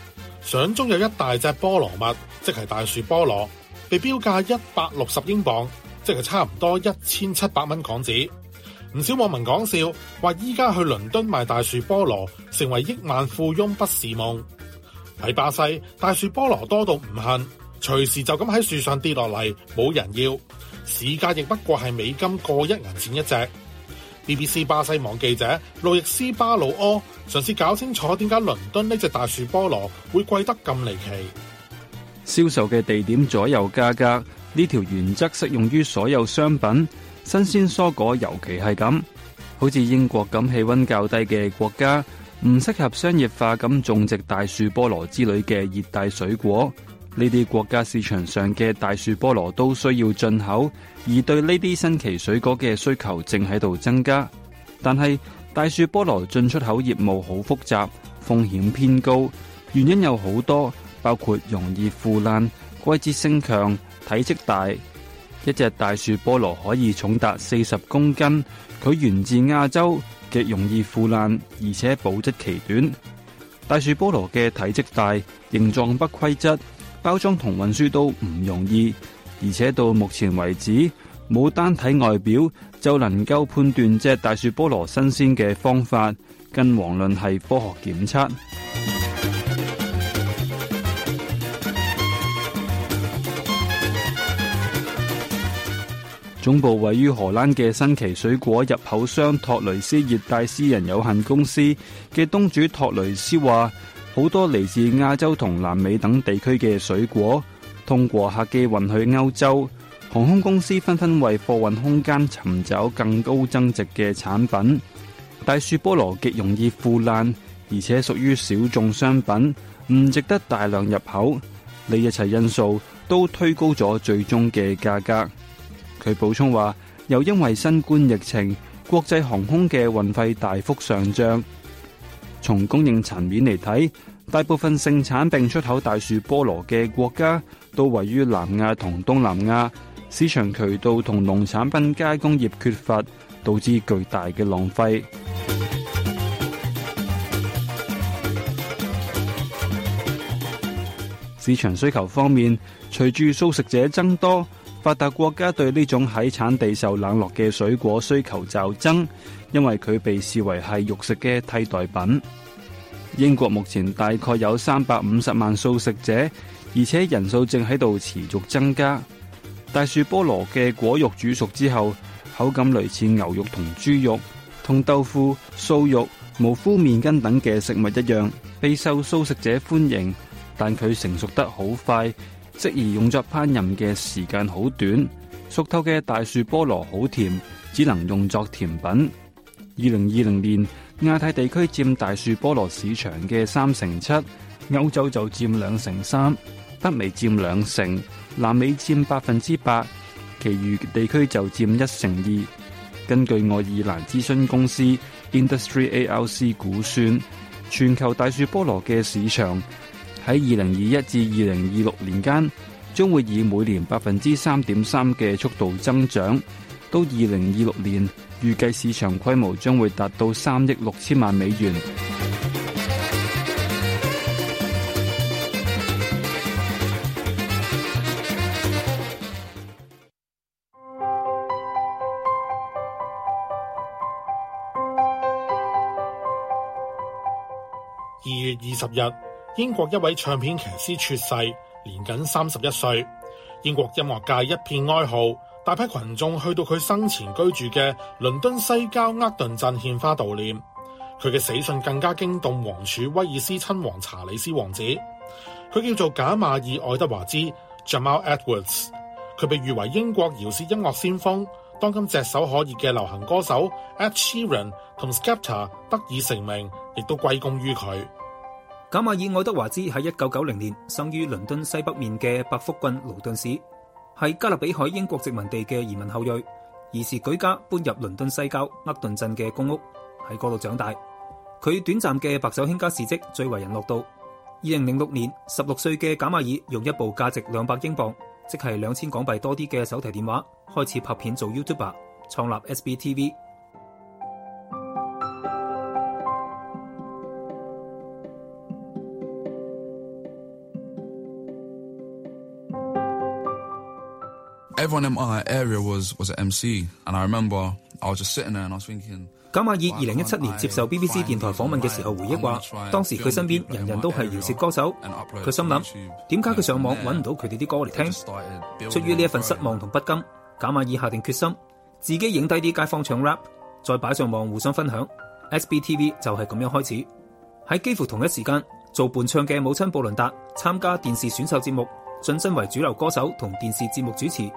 相中有一大隻菠蘿蜜，即係大樹菠蘿，被標價一百六十英鎊，即係差唔多一千七百蚊港紙。唔少網民講笑話，依家去倫敦賣大樹菠蘿，成為億萬富翁不是夢。喺巴西，大樹菠蘿多到唔恨，隨時就咁喺樹上跌落嚟，冇人要。市價亦不過係美金過一銀錢一隻。BBC 巴西網記者 路易斯巴魯阿嘗試搞清楚點解倫敦呢隻大樹菠蘿會貴得咁離奇。銷售嘅地點左右價格，呢條原則適用於所有商品，新鮮蔬果尤其係咁。好似英國咁氣温較低嘅國家，唔適合商業化咁種植大樹菠蘿之類嘅熱帶水果。呢啲國家市場上嘅大樹菠蘿都需要進口，而對呢啲新奇水果嘅需求正喺度增加。但係大樹菠蘿進出口業務好複雜，風險偏高，原因有好多，包括容易腐爛、季節性強、體積大。一隻大樹菠蘿可以重達四十公斤，佢源自亞洲，極容易腐爛，而且保質期短。大樹菠蘿嘅體積大，形狀不規則。包裝同運輸都唔容易，而且到目前為止冇單睇外表就能夠判斷隻大樹菠蘿新鮮嘅方法，更遑論係科學檢測。總部位於荷蘭嘅新奇水果入口商托雷斯熱帶私人有限公司嘅東主托雷斯話。好多嚟自亞洲同南美等地區嘅水果，通過客機運去歐洲，航空公司紛紛為貨運空間尋找更高增值嘅產品。大樹菠蘿極容易腐爛，而且屬於小眾商品，唔值得大量入口。呢一切因素都推高咗最終嘅價格。佢補充話，又因為新冠疫情，國際航空嘅運費大幅上漲。從供應層面嚟睇，大部分盛產並出口大樹菠蘿嘅國家都位於南亞同東南亞，市場渠道同農產品加工業缺乏，導致巨大嘅浪費。市場需求方面，隨住素食者增多。發達國家對呢種喺產地受冷落嘅水果需求驟增，因為佢被視為係肉食嘅替代品。英國目前大概有三百五十萬素食者，而且人數正喺度持續增加。大樹菠蘿嘅果肉煮熟之後，口感類似牛肉同豬肉，同豆腐、素肉、無麩麵筋等嘅食物一樣，備受素食者歡迎。但佢成熟得好快。即而用作烹飪嘅時間好短，熟透嘅大樹菠蘿好甜，只能用作甜品。二零二零年，亞太地區佔大樹菠蘿市場嘅三成七，歐洲就佔兩成三，北美佔兩成，南美佔百分之八，其餘地區就佔一成二。根據愛爾蘭諮詢公司 Industry ALC 估算，全球大樹菠蘿嘅市場。喺二零二一至二零二六年間，將會以每年百分之三點三嘅速度增長，到二零二六年，預計市場規模將會達到三億六千萬美元。二月二十日，英國一位唱片騎師猝逝，年僅三十一歲。英國音樂界一片哀號，大批群眾去到佢生前居住嘅倫敦西郊厄頓鎮獻花悼念。佢嘅死訊更加驚動王儲威爾斯親王查理斯王子。佢叫做賈馬爾愛德華茲 （Jamal Edwards）。佢被譽為英國饒舌音樂先鋒，當今只手可熱嘅流行歌手 Ed Sheeran 同 Skepta 得以成名，亦都歸功於佢。賈馬爾愛德華茲喺一九九零年生於倫敦西北面嘅百福郡勞頓市，係加勒比海英國殖民地嘅移民後裔，兒時舉家搬入倫敦西郊厄頓鎮嘅公屋，喺嗰度長大。佢短暫嘅白手興家事跡最為人樂道。二零零六年，十六歲嘅賈馬爾用一部價值兩百英鎊，即係兩千港幣多啲嘅手提電話，開始拍片做 YouTuber，創立 S B T V。咁賈馬爾二零一七年接受 BBC 電台訪問嘅時候回憶話，當時佢身邊人人都係饒舌歌手，佢 and upload 心諗，點解佢上網搵唔到佢哋啲歌嚟聽？出於呢一份失望同不甘，賈馬爾下定決心自己影低啲街坊唱 rap，再擺上網互相分享。S B T V 就係咁樣開始。喺幾乎同一時間，做伴唱嘅母親布倫達參加電視選秀節目，晉身為主流歌手同電視節目主持。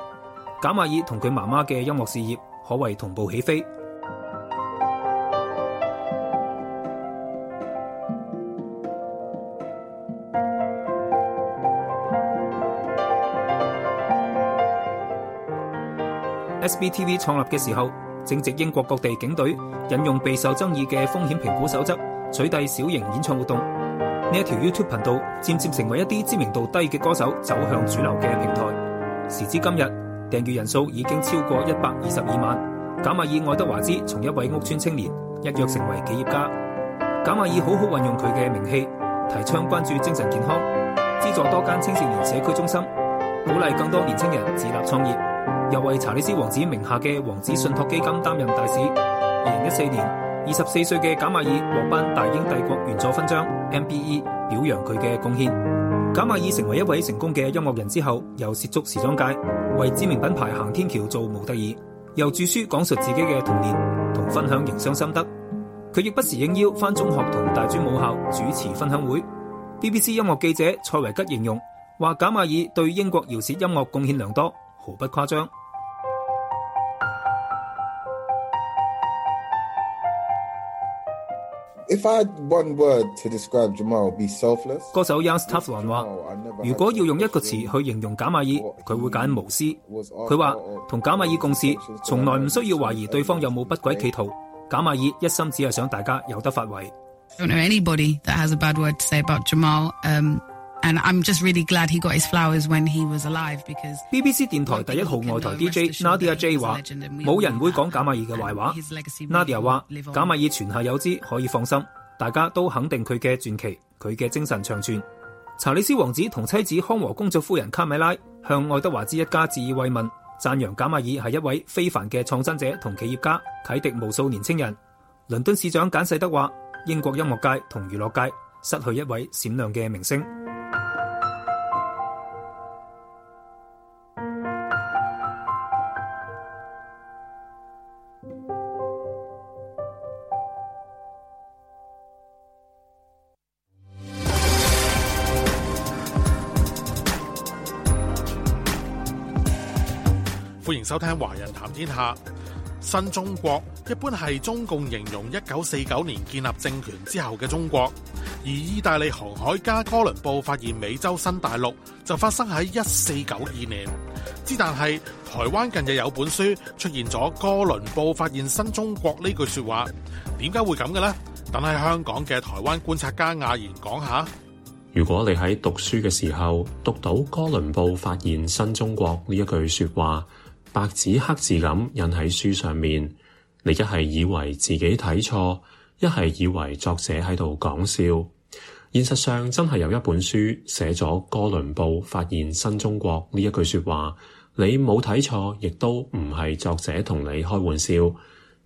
賈馬爾同佢媽媽嘅音樂事業可謂同步起飛。S B T V 創立嘅時候，正值英國各地警隊引用備受爭議嘅風險評估守則，取締小型演唱活動。呢一條 YouTube 頻道，漸漸成為一啲知名度低嘅歌手走向主流嘅平台。時至今日，訂閱人數已經超過一百二十二萬。賈馬爾愛德華茲從一位屋村青年一躍成為企業家。賈馬爾好好運用佢嘅名氣，提倡關注精神健康，資助多間青少年社區中心，鼓勵更多年青人自立創業。又為查理斯王子名下嘅王子信託基金擔任大使。二零一四年，二十四歲嘅賈馬爾獲頒大英帝國員佐勳章 （MBE），表揚佢嘅貢獻。賈馬爾成為一位成功嘅音樂人之後，又涉足時裝界，為知名品牌行天橋做模特兒，又著書講述自己嘅童年，同分享營商心得。佢亦不時應邀返中學同大專母校主持分享會。BBC 音樂記者蔡維吉形容話：賈馬爾對英國饒舌音樂貢獻良多，毫不誇張。If I had one word to describe Jamal, be selfless. 歌手 y a u n t a u g h 還話：如果要用一個詞去形容賈馬爾，佢會揀無私。佢話同賈馬爾共事，從來唔需要懷疑對方有冇不軌企圖。賈馬爾一心只係想大家有得發圍。And I'm just really glad he got his flowers when he was alive b b c 電台第一號外台 DJ Nadia J 話冇人會講賈馬爾嘅壞話。Nadia 話賈馬爾泉下有知可以放心，大家都肯定佢嘅傳奇，佢嘅精神長存。查理斯王子同妻子康和公爵夫人卡米拉向愛德華茲一家致以慰問，讚揚賈馬爾係一位非凡嘅創新者同企業家，啟迪無數年青人。倫敦市長簡世德話：英國音樂界同娛樂界失去一位閃亮嘅明星。收聽華人談天下。新中國一般係中共形容一九四九年建立政權之後嘅中國，而意大利航海家哥倫布發現美洲新大陸就發生喺一四九二年。之但係台灣近日有本書出現咗哥倫布發現新中國呢句說話，點解會咁嘅呢？等喺香港嘅台灣觀察家亞賢講下。如果你喺讀書嘅時候讀到哥倫布發現新中國呢一句說話。白紙黑字咁印喺書上面，你一係以為自己睇錯，一係以為作者喺度講笑。現實上真係有一本書寫咗哥倫布發現新中國呢一句說話，你冇睇錯，亦都唔係作者同你開玩笑，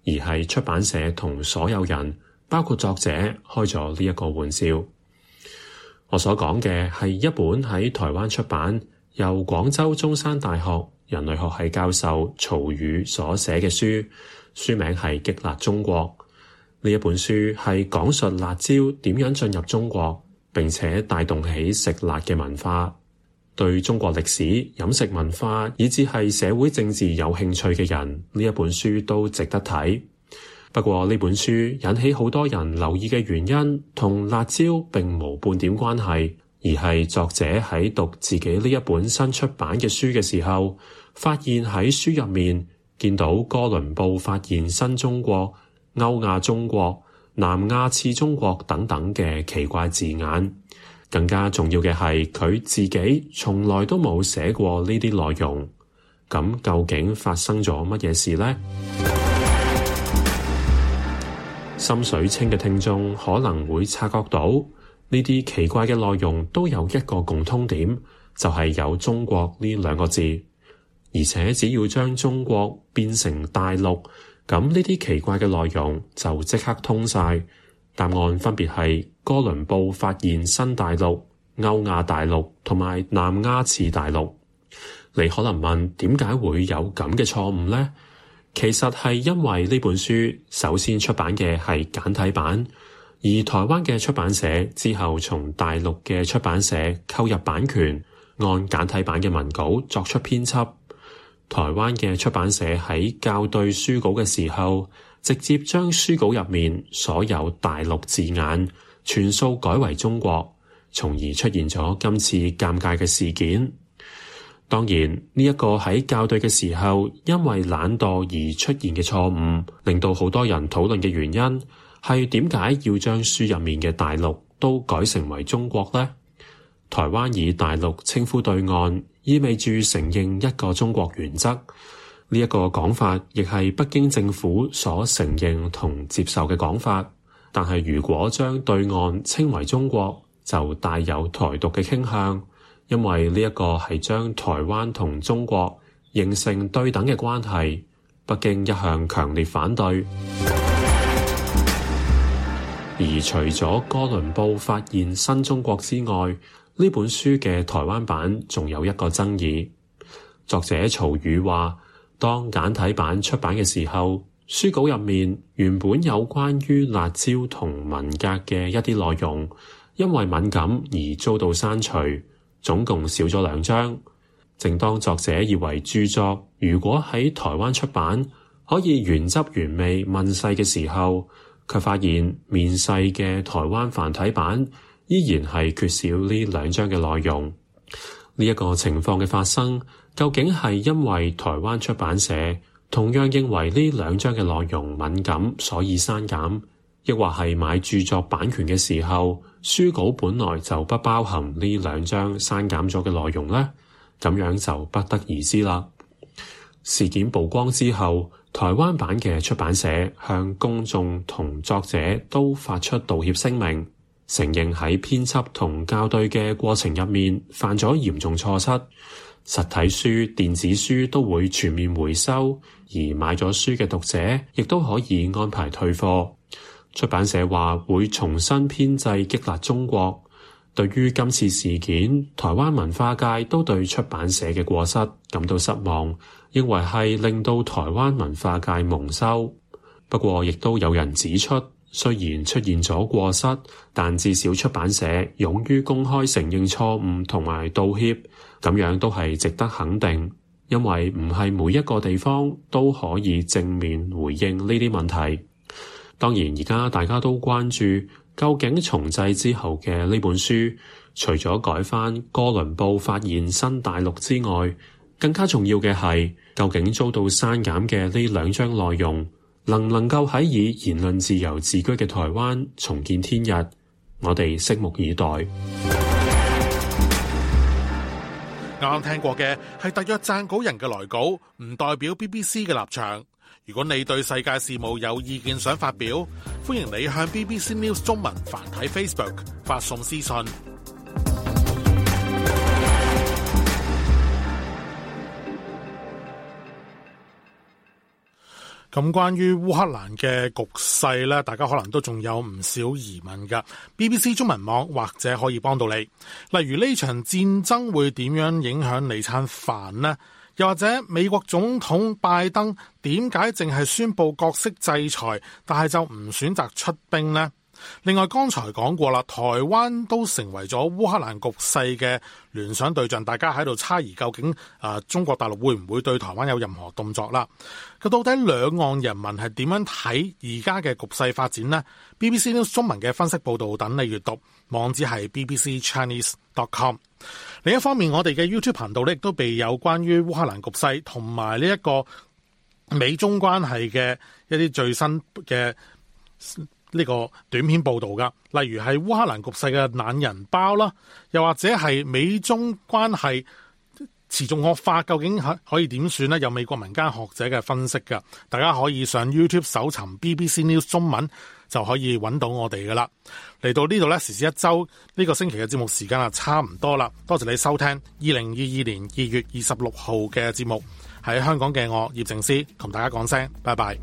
而係出版社同所有人，包括作者，開咗呢一個玩笑。我所講嘅係一本喺台灣出版，由廣州中山大學人類學系教授曹宇所寫嘅書，書名係《激辣中國》。呢一本書係講述辣椒點樣進入中國，並且帶動起食辣嘅文化。對中國歷史、飲食文化以至係社會政治有興趣嘅人，呢一本書都值得睇。不過呢本書引起好多人留意嘅原因，同辣椒並無半點關係。而係作者喺讀自己呢一本新出版嘅書嘅時候，發現喺書入面見到哥倫布發現新中國、歐亞中國、南亞次中國等等嘅奇怪字眼。更加重要嘅係佢自己從來都冇寫過呢啲內容。咁究竟發生咗乜嘢事呢？心水清嘅聽眾可能會察覺到。呢啲奇怪嘅內容都有一個共通點，就係有中國呢兩個字，而且只要將中國變成大陸，咁呢啲奇怪嘅內容就即刻通晒。答案分別係哥倫布發現新大陸、歐亞大陸同埋南亞次大陸。你可能問點解會有咁嘅錯誤呢？其實係因為呢本書首先出版嘅係簡體版。而台灣嘅出版社之後，從大陸嘅出版社購入版權，按簡體版嘅文稿作出編輯。台灣嘅出版社喺校對書稿嘅時候，直接將書稿入面所有大陸字眼全數改為中國，從而出現咗今次尷尬嘅事件。當然，呢一個喺校對嘅時候因為懶惰而出現嘅錯誤，令到好多人討論嘅原因。係點解要將書入面嘅大陸都改成為中國呢？台灣以大陸稱呼對岸，意味住承認一個中國原則。呢一個講法亦係北京政府所承認同接受嘅講法。但係如果將對岸稱為中國，就帶有台獨嘅傾向，因為呢一個係將台灣同中國形成對等嘅關係。北京一向強烈反對。而除咗哥倫布發現新中國之外，呢本書嘅台灣版仲有一個爭議。作者曹宇話，當簡體版出版嘅時候，書稿入面原本有關於辣椒同文革嘅一啲內容，因為敏感而遭到刪除，總共少咗兩章。正當作者以為著作如果喺台灣出版，可以原汁原味問世嘅時候，卻發現面世嘅台灣繁體版依然係缺少呢兩章嘅內容。呢、這、一個情況嘅發生，究竟係因為台灣出版社同樣認為呢兩章嘅內容敏感，所以刪減，亦或係買著作版權嘅時候，書稿本來就不包含呢兩章刪減咗嘅內容呢？咁樣就不得而知啦。事件曝光之後，台灣版嘅出版社向公眾同作者都發出道歉聲明，承認喺編輯同校對嘅過程入面犯咗嚴重錯失。實體書、電子書都會全面回收，而買咗書嘅讀者亦都可以安排退貨。出版社話會重新編製《激辣中國》。對於今次事件，台灣文化界都對出版社嘅過失感到失望。認為係令到台灣文化界蒙羞，不過亦都有人指出，雖然出現咗過失，但至少出版社勇於公開承認錯誤同埋道歉，咁樣都係值得肯定。因為唔係每一個地方都可以正面回應呢啲問題。當然，而家大家都關注究竟重製之後嘅呢本書，除咗改返哥倫布發現新大陸之外，更加重要嘅係。究竟遭到刪減嘅呢兩張內容，能唔能夠喺以言論自由自居嘅台灣重見天日？我哋拭目以待。啱啱聽過嘅係特約撰稿人嘅來稿，唔代表 BBC 嘅立場。如果你對世界事務有意見想發表，歡迎你向 BBC News 中文繁體 Facebook 發送私信。咁關於烏克蘭嘅局勢咧，大家可能都仲有唔少疑問㗎。BBC 中文網或者可以幫到你，例如呢場戰爭會點樣影響你餐飯呢？又或者美國總統拜登點解淨係宣布各式制裁，但係就唔選擇出兵呢？另外，剛才講過啦，台灣都成為咗烏克蘭局勢嘅聯想對象，大家喺度猜疑究竟啊、呃、中國大陸會唔會對台灣有任何動作啦？咁到底兩岸人民係點樣睇而家嘅局勢發展呢？BBC 中文嘅分析報道等你閱讀，網址係 BBC Chinese dot com。另一方面，我哋嘅 YouTube 頻道咧亦都備有關於烏克蘭局勢同埋呢一個美中關係嘅一啲最新嘅。呢個短片報導噶，例如係烏克蘭局勢嘅懶人包啦，又或者係美中關係持續惡化，究竟可以點算咧？有美國民間學者嘅分析噶，大家可以上 YouTube 搜尋 BBC News 中文就可以揾到我哋噶啦。嚟到呢度呢，時事一周，呢、這個星期嘅節目時間啊，差唔多啦。多謝你收聽二零二二年二月二十六號嘅節目，喺香港嘅我葉靜思同大家講聲拜拜。